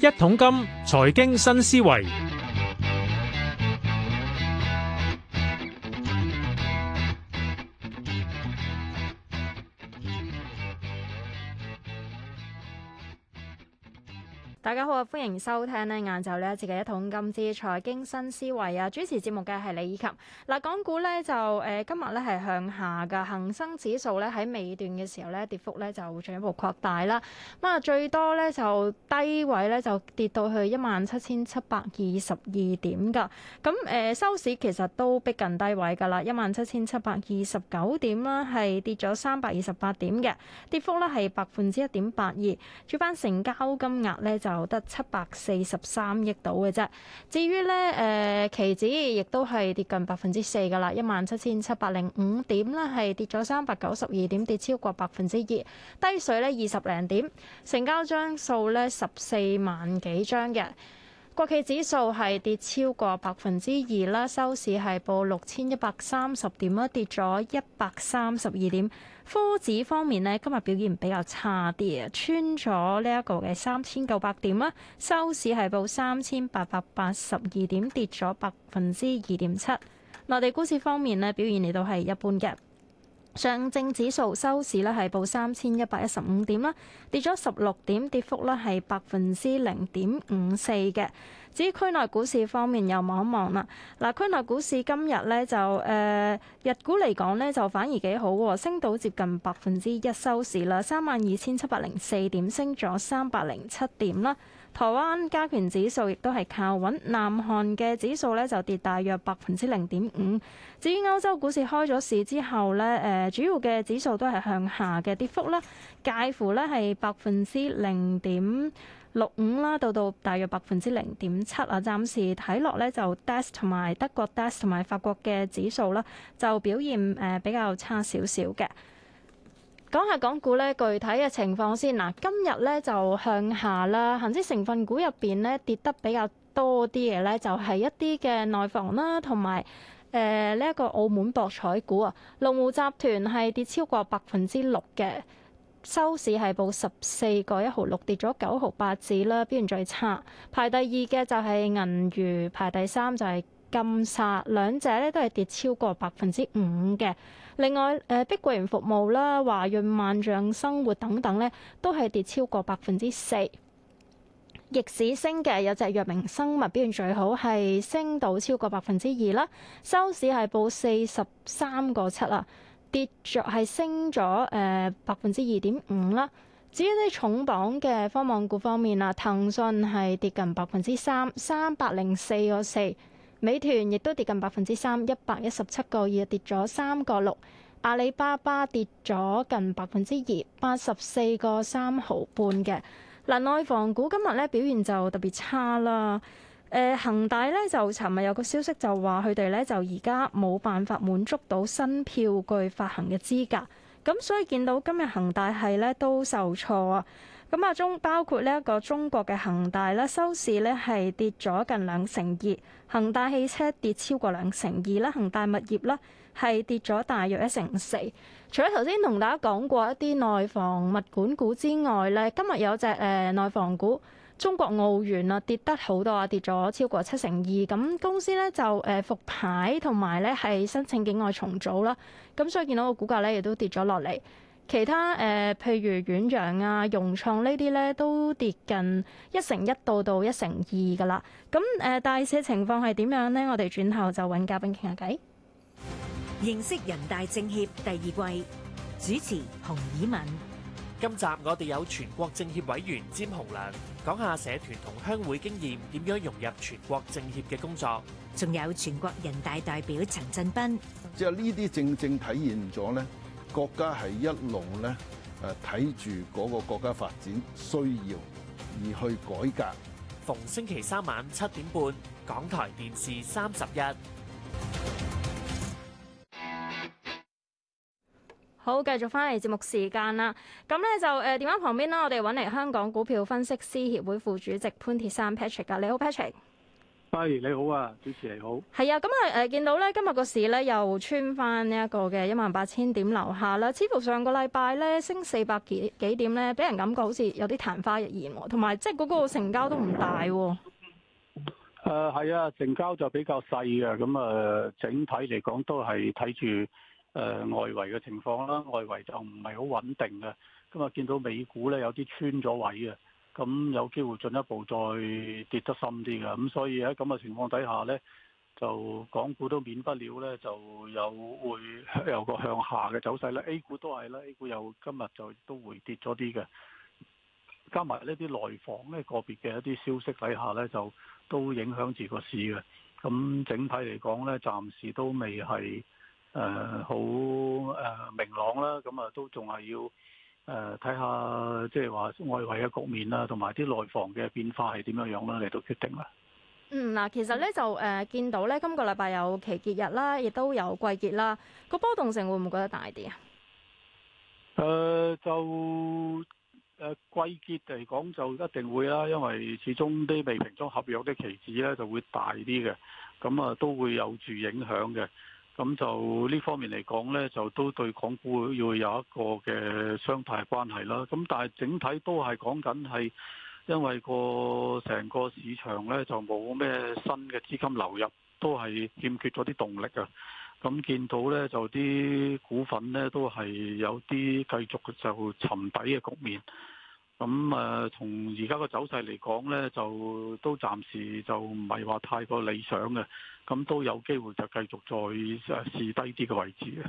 一桶金，財經新思維。收聽咧，晏晝咧自己一桶金之財經新思維啊！主持節目嘅係李以琴。嗱，港股咧就誒今日咧係向下嘅，恆生指數咧喺尾段嘅時候咧跌幅咧就進一步擴大啦。咁啊，最多咧就低位咧就跌到去一萬七千七百二十二點㗎。咁誒收市其實都逼近低位㗎啦，一萬七千七百二十九點啦，係跌咗三百二十八點嘅，跌幅咧係百分之一點八二。轉翻成交金額咧就得七百百四十三億到嘅啫。至於呢誒、呃、期指亦都係跌近百分之四嘅啦，一萬七千七百零五點咧，係跌咗三百九十二點，跌超過百分之二。低水呢，二十零點，成交張數呢，十四萬幾張嘅。國企指數係跌超過百分之二啦，收市係報六千一百三十點啦，跌咗一百三十二點。科指方面呢，今日表現比較差啲啊，穿咗呢一個嘅三千九百點啦，收市係報三千八百八十二點，跌咗百分之二點七。內地股市方面呢，表現嚟到係一般嘅。上證指數收市咧係報三千一百一十五點啦，跌咗十六點，跌幅咧係百分之零點五四嘅。至於區內股市方面又茫茫，又望一望啦。嗱，區內股市今日呢，就、呃、誒日股嚟講呢，就反而幾好，升到接近百分之一收市啦，三萬二千七百零四點，升咗三百零七點啦。台灣加權指數亦都係靠穩，南韓嘅指數咧就跌大約百分之零點五。至於歐洲股市開咗市之後咧，誒、呃、主要嘅指數都係向下嘅跌幅啦，介乎咧係百分之零點六五啦，到到大約百分之零點七啊。暫時睇落咧就 DAX 同埋德國 DAX 同埋法國嘅指數啦，就表現誒比較差少少嘅。講下港股咧，具體嘅情況先嗱。今日咧就向下啦。恆指成分股入邊咧跌得比較多啲嘅咧，就係一啲嘅內房啦，同埋誒呢一個澳門博彩股啊。龍湖集團係跌超過百分之六嘅，收市係報十四個一毫六，跌咗九毫八子啦。邊完最差，排第二嘅就係銀娛，排第三就係、是。金莎兩者咧都係跌超過百分之五嘅。另外，誒碧桂園服務啦、華潤萬象生活等等咧，都係跌超過百分之四。逆市升嘅有隻藥明生物表現最好，係升到超過百分之二啦。收市係報四十三個七啦，跌咗係升咗誒百分之二點五啦。至於啲重磅嘅科網股方面啦，騰訊係跌近百分之三，三百零四個四。美團亦都跌近百分之三，一百一十七個二，跌咗三個六。阿里巴巴跌咗近百分之二，八十四個三毫半嘅。嗱，內房股今日咧表現就特別差啦。誒、呃，恒大咧就尋日有個消息就話佢哋咧就而家冇辦法滿足到新票據發行嘅資格，咁所以見到今日恒大係咧都受挫啊。咁啊中包括呢一個中國嘅恒大啦，收市咧係跌咗近兩成二，恒大汽車跌超過兩成二啦，恒大物業啦，係跌咗大約一成四。除咗頭先同大家講過一啲內房物管股之外咧，今日有隻誒內房股中國奧園啊，跌得好多啊，跌咗超過七成二。咁公司咧就誒復牌同埋咧係申請境外重組啦。咁所以見到個股價咧亦都跌咗落嚟。其他誒、呃，譬如遠洋啊、融創呢啲咧，都跌近一成一到到一成二噶啦。咁誒，大、呃、市情況係點樣呢？我哋轉頭就揾嘉賓傾下偈。認識人大政協第二季主持洪以文，今集我哋有全國政協委員詹洪良講下社團同鄉會經驗點樣融入全國政協嘅工作，仲有全國人大代表陳振斌。即係呢啲正正體現咗咧。國家係一路咧，誒睇住嗰個國家發展需要而去改革。逢星期三晚七點半，港台電視三十一。好，繼續翻嚟節目時間啦。咁咧就誒電話旁邊啦。我哋搵嚟香港股票分析師協會副主席潘鐵珊 Patrick 噶。你好，Patrick。喂，Hi，你好啊，主持你好。係啊，咁啊誒，見到咧今日個市咧又穿翻呢一個嘅一萬八千點樓下啦。似乎上個禮拜咧升四百幾幾點咧，俾人感覺好似有啲曇花一現，啊，同埋即係嗰個成交都唔大。誒，係啊，成、呃啊、交就比較細嘅，咁、嗯、啊整體嚟講都係睇住誒外圍嘅情況啦。外圍就唔係好穩定嘅，咁、嗯、啊見到美股咧有啲穿咗位啊。咁有機會進一步再跌得深啲嘅，咁所以喺咁嘅情況底下呢，就港股都免不了呢，就有會有個向下嘅走勢啦。A 股都係啦，A 股又今日就都回跌咗啲嘅，加埋呢啲內房呢個別嘅一啲消息底下呢，就都影響住個市嘅。咁整體嚟講呢，暫時都未係誒、呃、好誒、呃、明朗啦。咁啊，都仲係要。誒睇下即係話外圍嘅局面啦，同埋啲內房嘅變化係點樣樣啦，嚟到決定啦。嗯，嗱，其實咧就誒、呃、見到咧，今個禮拜有期結日啦，亦都有季結啦，個波動性會唔會覺得大啲啊？誒、呃，就誒、呃、季結嚟講就一定會啦，因為始終啲未平倉合約嘅期指咧就會大啲嘅，咁啊都會有住影響嘅。咁就呢方面嚟講呢，就都對港股要有一個嘅相態關係啦。咁但係整體都係講緊係，因為個成個市場呢，就冇咩新嘅資金流入，都係欠缺咗啲動力啊。咁見到呢，就啲股份呢，都係有啲繼續就沉底嘅局面。咁啊，從而家個走勢嚟講咧，就都暫時就唔係話太過理想嘅，咁都有機會就繼續再試低啲嘅位置嘅。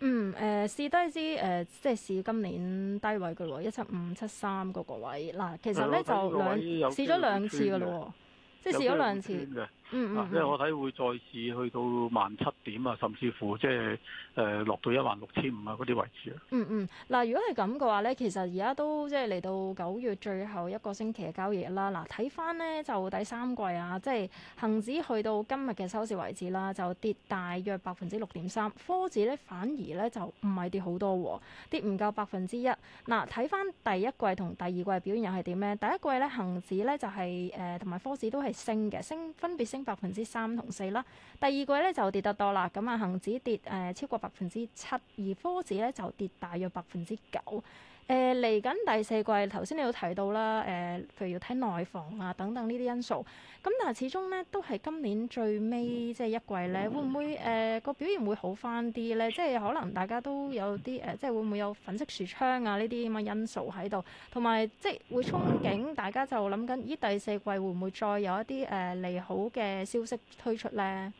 嗯，誒、呃，試低啲誒，即係試今年低位嘅咯，一七五七三嗰個位，嗱，其實咧就兩試咗兩次嘅咯，即係試咗兩次。嗯，嗱、嗯，即係我睇會再試去到萬七點啊，甚至乎即係誒落到一萬六千五啊嗰啲位置啊。嗯嗯，嗱，如果係咁嘅話咧，其實而家都即係嚟到九月最後一個星期嘅交易啦。嗱，睇翻咧就第三季啊，即係恒指去到今日嘅收市為止啦，就跌大約百分之六點三。科指咧反而咧就唔係跌好多喎，跌唔夠百分之一。嗱，睇翻第一季同第二季表現又係點咧？第一季咧恒指咧就係誒同埋科指都係升嘅，升分別升。百分之三同四啦，第二季咧就跌得多啦。咁啊，恒指跌誒、呃、超過百分之七，而科指咧就跌大約百分之九。誒嚟緊第四季，頭先你有提到啦，誒、呃，譬如要睇內房啊等等呢啲因素。咁但係始終呢都係今年最尾即係一季呢，嗯、會唔會誒個、呃、表現會好返啲呢？嗯、即係可能大家都有啲誒、呃，即係會唔會有粉飾櫥窗啊呢啲咁嘅因素喺度，同埋即係會憧憬、嗯、大家就諗緊，咦第四季會唔會再有一啲誒、呃、利好嘅消息推出呢？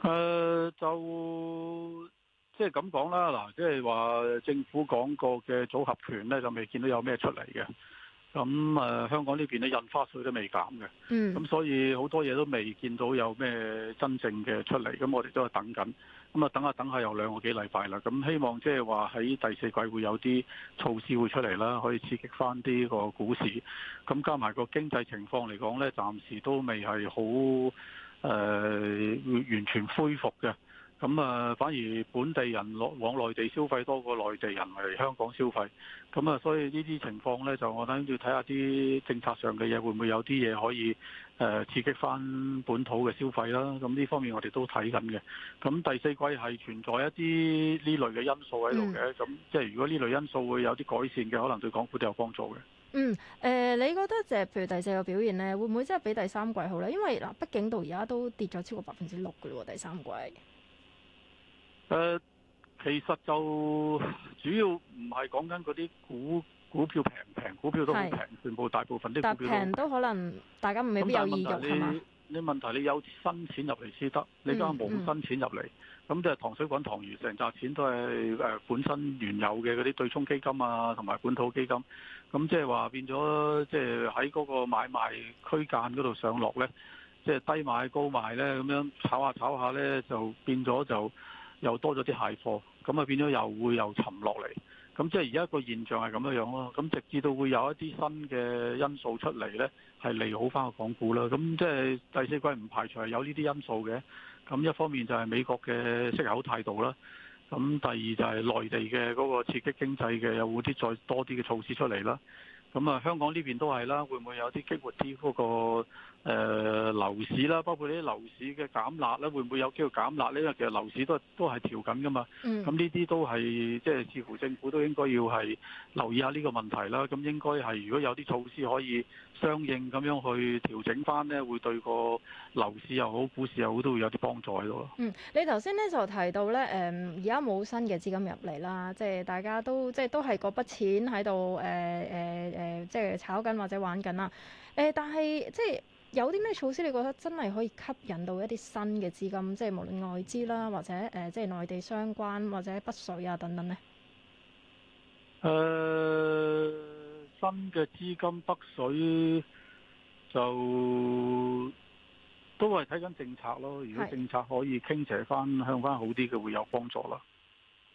呃」誒就。即係咁講啦，嗱，即係話政府講過嘅組合拳咧，就未見到有咩出嚟嘅。咁誒，香港呢邊咧印花稅都未減嘅。嗯。咁所以好多嘢都未見到有咩真正嘅出嚟。咁我哋都係等緊。咁啊，等下等下又兩個幾禮拜啦。咁希望即係話喺第四季會有啲措施會出嚟啦，可以刺激翻啲個股市。咁加埋個經濟情況嚟講咧，暫時都未係好誒完全恢復嘅。咁啊，反而本地人落往內地消費多過內地人嚟香港消費。咁啊，所以呢啲情況呢，就我等要睇下啲政策上嘅嘢，會唔會有啲嘢可以誒刺激翻本土嘅消費啦？咁呢方面我哋都睇緊嘅。咁第四季係存在一啲呢類嘅因素喺度嘅。咁即係如果呢類因素會有啲改善嘅，可能對港股都有幫助嘅。嗯，誒、呃，你覺得就係、是、譬如第四個表現呢，會唔會真係比第三季好呢？因為嗱，畢竟到而家都跌咗超過百分之六嘅咯，第三季。誒、呃，其實就主要唔係講緊嗰啲股股票平唔平，股票都唔平，全部是大部分啲股票平都，都可能大家未必有意入，咁但係問題你吧你問題你有新錢入嚟先得，你而家冇新錢入嚟，咁即係塘水滾塘魚，成紮錢都係誒本身原有嘅嗰啲對沖基金啊，同埋本土基金，咁即係話變咗即係喺嗰個買賣區間嗰度上落咧，即、就、係、是、低買高賣咧，咁樣炒下炒下咧就變咗就。又多咗啲蟹貨，咁啊變咗又會又沉落嚟，咁即係而家個現象係咁樣樣咯。咁直至到會有一啲新嘅因素出嚟呢，係利好翻個港股啦。咁即係第四季唔排除係有呢啲因素嘅。咁一方面就係美國嘅息口態度啦，咁第二就係內地嘅嗰個刺激經濟嘅有冇啲再多啲嘅措施出嚟啦。咁啊香港呢邊都係啦，會唔會有啲激活啲嗰個？誒、呃、樓市啦，包括呢啲樓市嘅減壓咧，會唔會有機會減壓呢？因為其實樓市都都係調緊㗎嘛。咁呢啲都係即係似乎政府都應該要係留意下呢個問題啦。咁、嗯、應該係如果有啲措施可以相應咁樣去調整翻呢，會對個樓市又好、股市又好，都會有啲幫助喺度咯。嗯，你頭先咧就提到咧，誒而家冇新嘅資金入嚟啦，即係大家都即係都係嗰筆錢喺度誒誒誒，即係炒緊或者玩緊啦。誒、呃，但係即係。有啲咩措施你覺得真係可以吸引到一啲新嘅資金，即係無論外資啦，或者誒、呃，即係內地相關或者北水啊等等呢？誒、呃，新嘅資金北水就都係睇緊政策咯。如果政策可以傾斜返向返好啲嘅，會有幫助啦。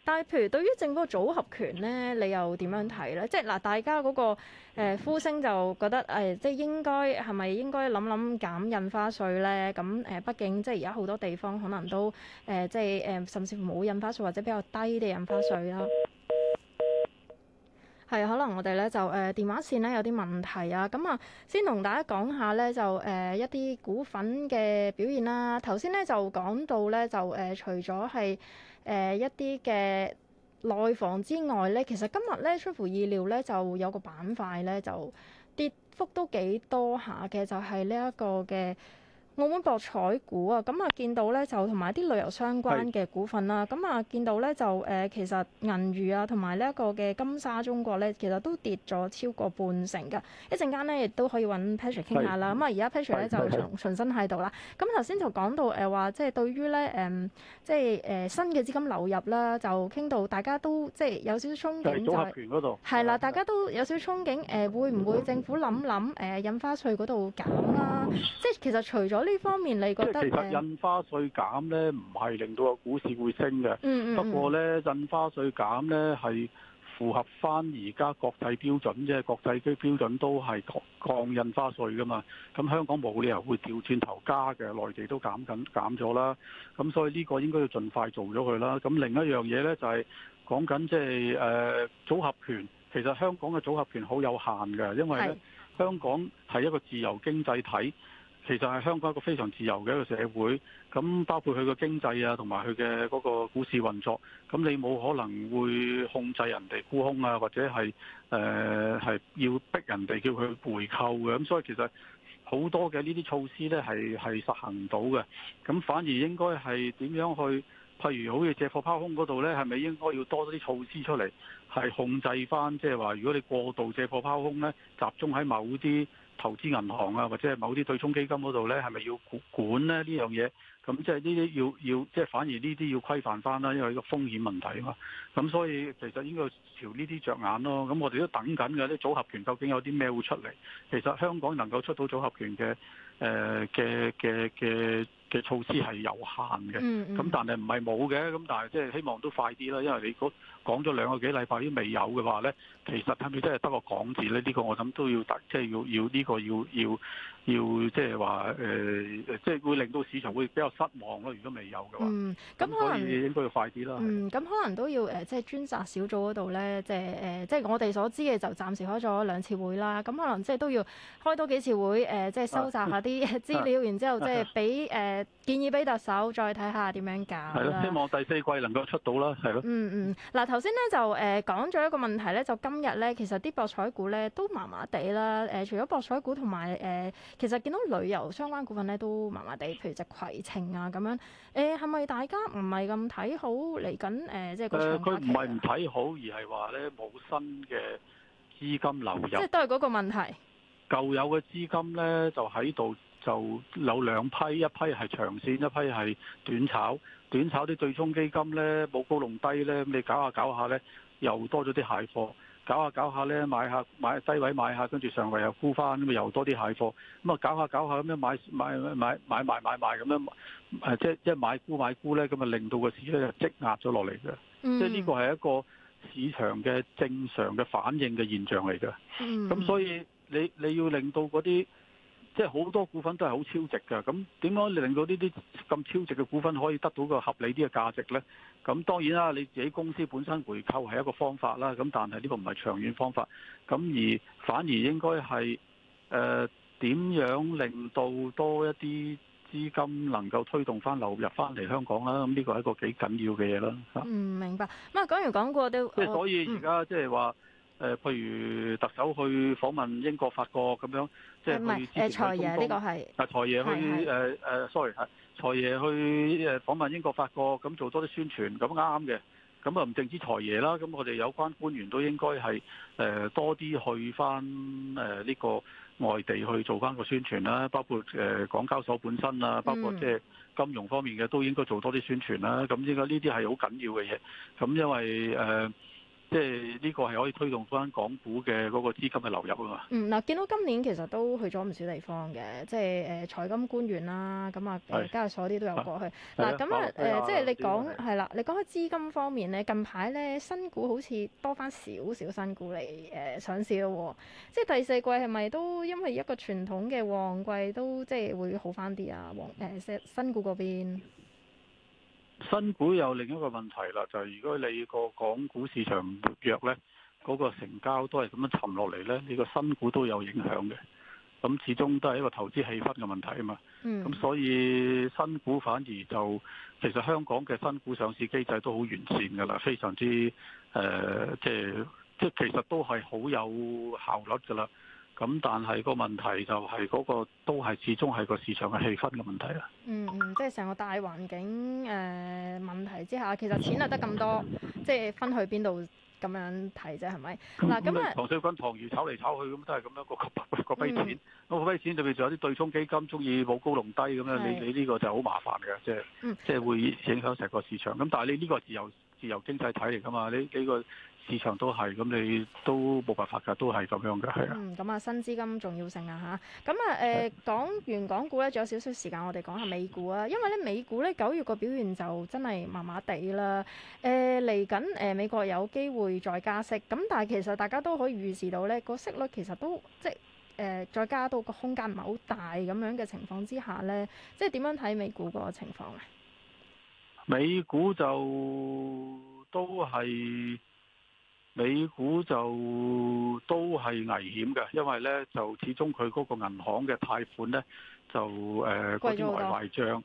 但係，譬如對於政府嘅組合權咧，你又點樣睇咧？即係嗱，大家嗰、那個、呃、呼聲就覺得誒、呃，即係應該係咪應該諗諗減印花稅咧？咁誒、呃，畢竟即係而家好多地方可能都誒、呃，即係誒、呃，甚至乎冇印花稅或者比較低啲印花稅啦。係，可能我哋咧就誒、呃、電話線咧有啲問題啊，咁啊先同大家講下咧就誒、呃、一啲股份嘅表現啦。頭先咧就講到咧就誒、呃、除咗係誒一啲嘅內房之外咧，其實今日咧出乎意料咧就有個板塊咧就跌幅都幾多下嘅，就係呢一個嘅。澳門博彩股啊，咁啊見到咧就同埋啲旅遊相關嘅股份啦，咁啊是見到咧就誒、呃、其實銀娛啊同埋呢一個嘅金沙中國咧，其實都跌咗超過半成㗎。一陣間咧亦都可以揾 Patrick 傾下啦。咁啊而家 Patrick 咧就從重新喺度啦。咁頭先就講到誒話，即、呃、係、就是、對於咧誒即係誒新嘅資金流入啦，就傾到大家都即係、就是、有少少憧憬就係組合權嗰度。係啦，吧大家都有少少憧憬誒、呃，會唔會政府諗諗誒印花稅嗰度減啦？即、啊、係 其實除咗呢方面你覺得即係其實印花稅減咧，唔係令到個股市會升嘅。嗯嗯嗯，不過咧，印花稅減咧係符合翻而家國際標準，即係國際啲標準都係降印花稅噶嘛。咁香港冇理由會調轉頭加嘅，內地都減緊減咗啦。咁所以呢個應該要盡快做咗佢啦。咁另一樣嘢咧就係講緊即係誒組合權，其實香港嘅組合權好有限嘅，因為咧是香港係一個自由經濟體。其實係香港一個非常自由嘅一個社會，咁包括佢個經濟啊，同埋佢嘅嗰個股市運作，咁你冇可能會控制人哋沽空啊，或者係誒係要逼人哋叫佢回購嘅，咁所以其實好多嘅呢啲措施呢係係實行唔到嘅，咁反而應該係點樣去，譬如好似借貨拋空嗰度呢，係咪應該要多啲措施出嚟，係控制翻？即係話如果你過度借貨拋空呢，集中喺某啲，投資銀行啊，或者係某啲對沖基金嗰度呢，係咪要管呢？呢樣嘢，咁即係呢啲要要，即係反而呢啲要規範翻、啊、啦，因為呢個風險問題啊嘛。咁所以其實應該朝呢啲着眼咯。咁我哋都等緊嘅啲組合拳，究竟有啲咩會出嚟？其實香港能夠出到組合拳嘅誒嘅嘅嘅。呃嘅措施係有限嘅，咁、嗯嗯、但係唔係冇嘅，咁但係即係希望都快啲啦。因為你講咗兩個幾禮拜都未有嘅話咧，其實係咪真係得個講字咧，呢、這個我諗都要即係、就是、要要呢、這個要要要即係話誒，即、就、係、是呃就是、會令到市場會比較失望咯。如果未有嘅話，咁、嗯、可能可應該要快啲啦。咁、嗯嗯、可能都要誒，即、就、係、是、專責小組嗰度咧，即係誒，即係我哋所知嘅就是、暫時開咗兩次會啦。咁可能即、就、係、是、都要開多幾次會誒，即、就、係、是、收集下啲資料，然之後即係俾誒。啊啊建議俾特首再睇下點樣搞。係咯，希望第四季能夠出到啦，係咯。嗯嗯，嗱，頭先咧就誒講咗一個問題咧，就今日咧其實啲博彩股咧都麻麻地啦。誒，除咗博彩股同埋誒，其實見到旅遊相關股份咧都麻麻地，譬如隻携程啊，咁樣。誒，係咪大家唔係咁睇好嚟緊？誒，即係個長假期。誒，佢唔係唔睇好，而係話咧冇新嘅資金流入。即係都係嗰個問題。舊有嘅資金咧就喺度。就有兩批，一批係長線，一批係短炒。短炒啲對沖基金呢，冇高隆低呢。你搞下搞下呢，又多咗啲蟹貨。搞下搞下呢，買下買低位買下，跟住上圍又沽翻，咁啊又多啲蟹貨。咁啊搞下搞下咁樣買買買買買買買咁樣，即係即係買沽買沽呢，咁啊令到個市場積壓咗落嚟嘅。即係呢個係一個市場嘅正常嘅反應嘅現象嚟㗎。咁所以你你要令到嗰啲。即係好多股份都係好超值嘅，咁點樣令到呢啲咁超值嘅股份可以得到個合理啲嘅價值呢？咁當然啦，你自己公司本身回購係一個方法啦，咁但係呢個唔係長遠方法，咁而反而應該係誒點樣令到多一啲資金能夠推動翻流入翻嚟香港啦。咁呢個係一個幾緊要嘅嘢啦。唔、嗯、明白。咁、嗯、啊，講完講過都即係所以而家即係話。嗯。誒，譬如特首去訪問英國、法國咁樣，即係支持財爺呢個係。啊，財爺去誒誒是的、uh，sorry 嚇，財爺去誒訪問英國、法國，咁做多啲宣傳，咁啱嘅。咁啊，唔淨止財爺啦，咁我哋有關官員都應該係誒、呃、多啲去翻誒呢個外地去做翻個宣傳啦。包括誒、呃、港交所本身啦，包括即係金融方面嘅，都應該做多啲宣傳啦。咁依家呢啲係好緊要嘅嘢。咁因為誒。呃即係呢個係可以推動翻港股嘅嗰個資金嘅流入啊嘛。嗯，嗱，見到今年其實都去咗唔少地方嘅，即係誒財金官員啦，咁啊是，交易、嗯、所啲都有過去。嗱的，咁啊，誒，的即係你講係啦，你講喺資金方面咧，近排咧新股好似多翻少少新股嚟誒、呃、上市咯喎、啊。即係第四季係咪都因為一個傳統嘅旺季都即係會好翻啲啊？誒新新股嗰邊？新股有另一個問題啦，就係如果你個港股市場唔活躍咧，嗰個成交都係咁樣沉落嚟呢，你個新股都有影響嘅。咁始終都係一個投資氣氛嘅問題啊嘛。嗯。咁所以新股反而就其實香港嘅新股上市機制都好完善㗎啦，非常之誒，即係即係其實都係好有效率㗎啦。咁但係個問題就係嗰個都係始終係個市場嘅氣氛嘅問題啦。嗯嗯，即係成個大環境誒問題之下，其實錢啊得咁多，即係分去邊度咁樣睇啫，係咪？嗱咁啊，塘水滾塘魚炒嚟炒去咁都係咁樣個個個批錢，個批錢裏邊仲有啲對沖基金中意冇高隆低咁樣，你你呢個就好麻煩嘅，即係即係會影響成個市場。咁但係你呢個自由自由經濟體嚟㗎嘛？你呢個市場都係咁，你都冇辦法㗎，都係咁樣嘅，係啊。嗯，咁啊，新資金重要性啊嚇。咁啊，誒講完港股咧，仲有少少時間，我哋講下美股啊。因為咧，美股咧九月個表現就真係麻麻地啦。誒嚟緊誒美國有機會再加息，咁但係其實大家都可以預示到咧，個息率其實都即係誒再加到個空間唔係好大咁樣嘅情況之下咧，即係點樣睇美股個情況咧？美股就都係。美股就都係危險嘅，因為咧就始終佢嗰個銀行嘅貸款咧就誒嗰啲壞壞帳。呃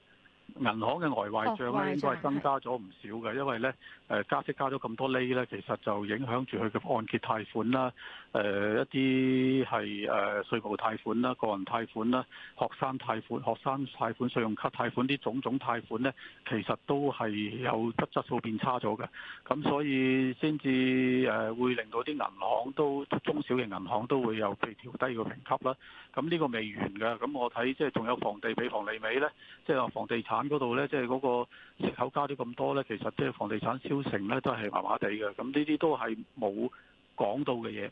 銀行嘅外壞帳咧應該係增加咗唔少嘅，因為咧誒加息加咗咁多釐咧，其實就影響住佢嘅按揭貸款啦、誒、呃、一啲係誒稅務貸款啦、個人貸款啦、學生貸款、學生貸款、信用卡貸款啲種種貸款咧，其實都係有質質素變差咗嘅，咁所以先至誒會令到啲銀行都中小型銀行都會有被調低個評級啦。咁呢個未完嘅，咁我睇即係仲有房地比房利美咧，即係話房地產。嗰度呢，即係嗰個息口加咗咁多呢，其實即係房地產銷成呢，都係麻麻地嘅，咁呢啲都係冇講到嘅嘢。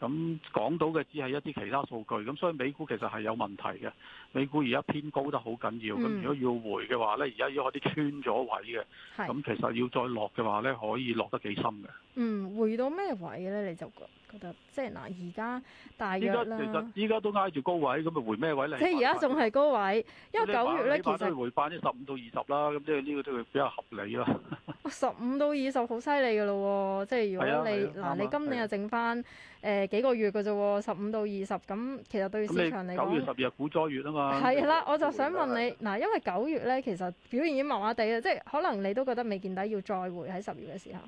咁講到嘅只係一啲其他數據，咁所以美股其實係有問題嘅。美股而家偏高得好緊要，咁、嗯、如果要回嘅話咧，而家已經開始穿咗位嘅，咁是其實要再落嘅話咧，可以落得幾深嘅。嗯，回到咩位咧？你就覺得即係嗱，而家大約啦。而家其實而家都挨住高位，咁啊回咩位咧？即係而家仲係高位，因為九月咧其實回翻啲十五到二十啦，咁即係呢個都係比較合理啦。 十五到二十好犀利噶咯，即係如果你嗱，你今年又剩翻誒、啊呃、幾個月噶啫，十五到二十咁，其實對市場嚟講，九月十日股災月啊嘛，係啦、啊，我就想問你嗱，因為九月咧其實表現已經麻麻地啊，即係可能你都覺得未見底，要再回喺十月嘅時候。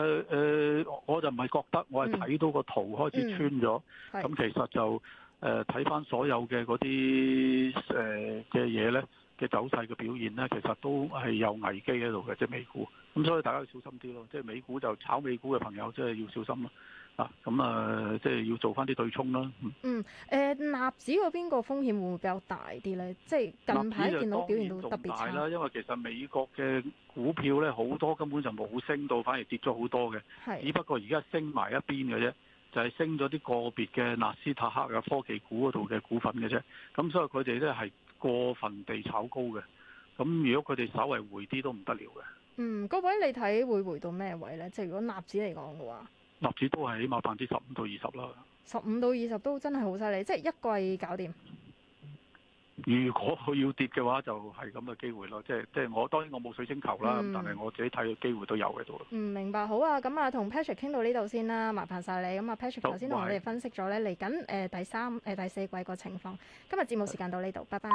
誒誒、呃呃，我就唔係覺得，我係睇到個圖開始穿咗，咁、嗯嗯、其實就誒睇翻所有嘅嗰啲誒嘅嘢咧。呃嘅走勢嘅表現呢，其實都係有危機喺度嘅，即係美股。咁所以大家要小心啲咯，即係美股就炒美股嘅朋友，即係要小心啦。啊，咁啊、呃，即係要做翻啲對沖啦。嗯。嗯，誒、呃，納指嗰邊個風險會唔會比較大啲呢？即係近排見到表現都特別差。納指就當年仲大啦，因為其實美國嘅股票呢，好多根本就冇升到，反而跌咗好多嘅。係。只不過而家升埋一邊嘅啫，就係升咗啲個別嘅納斯達克嘅科技股嗰度嘅股份嘅啫。咁所以佢哋呢係，過分地炒高嘅，咁如果佢哋稍為回啲都唔得了嘅。嗯，嗰位你睇會回到咩位呢？即係如果納指嚟講嘅話，納指都係起碼百分之十五到二十啦。十五到二十都真係好犀利，即係一季搞掂。嗯。如果佢要跌嘅話，就係咁嘅機會咯。即係即係我當然我冇水晶球啦，嗯、但係我自己睇嘅機會都有喺度。唔、嗯、明白好啊，咁啊同 Patrick 傾到呢度先啦，麻煩晒你咁啊 Patrick 頭先同我哋分析咗咧嚟緊誒第三誒、呃、第四季個情況。今日節目時間到呢度，拜拜。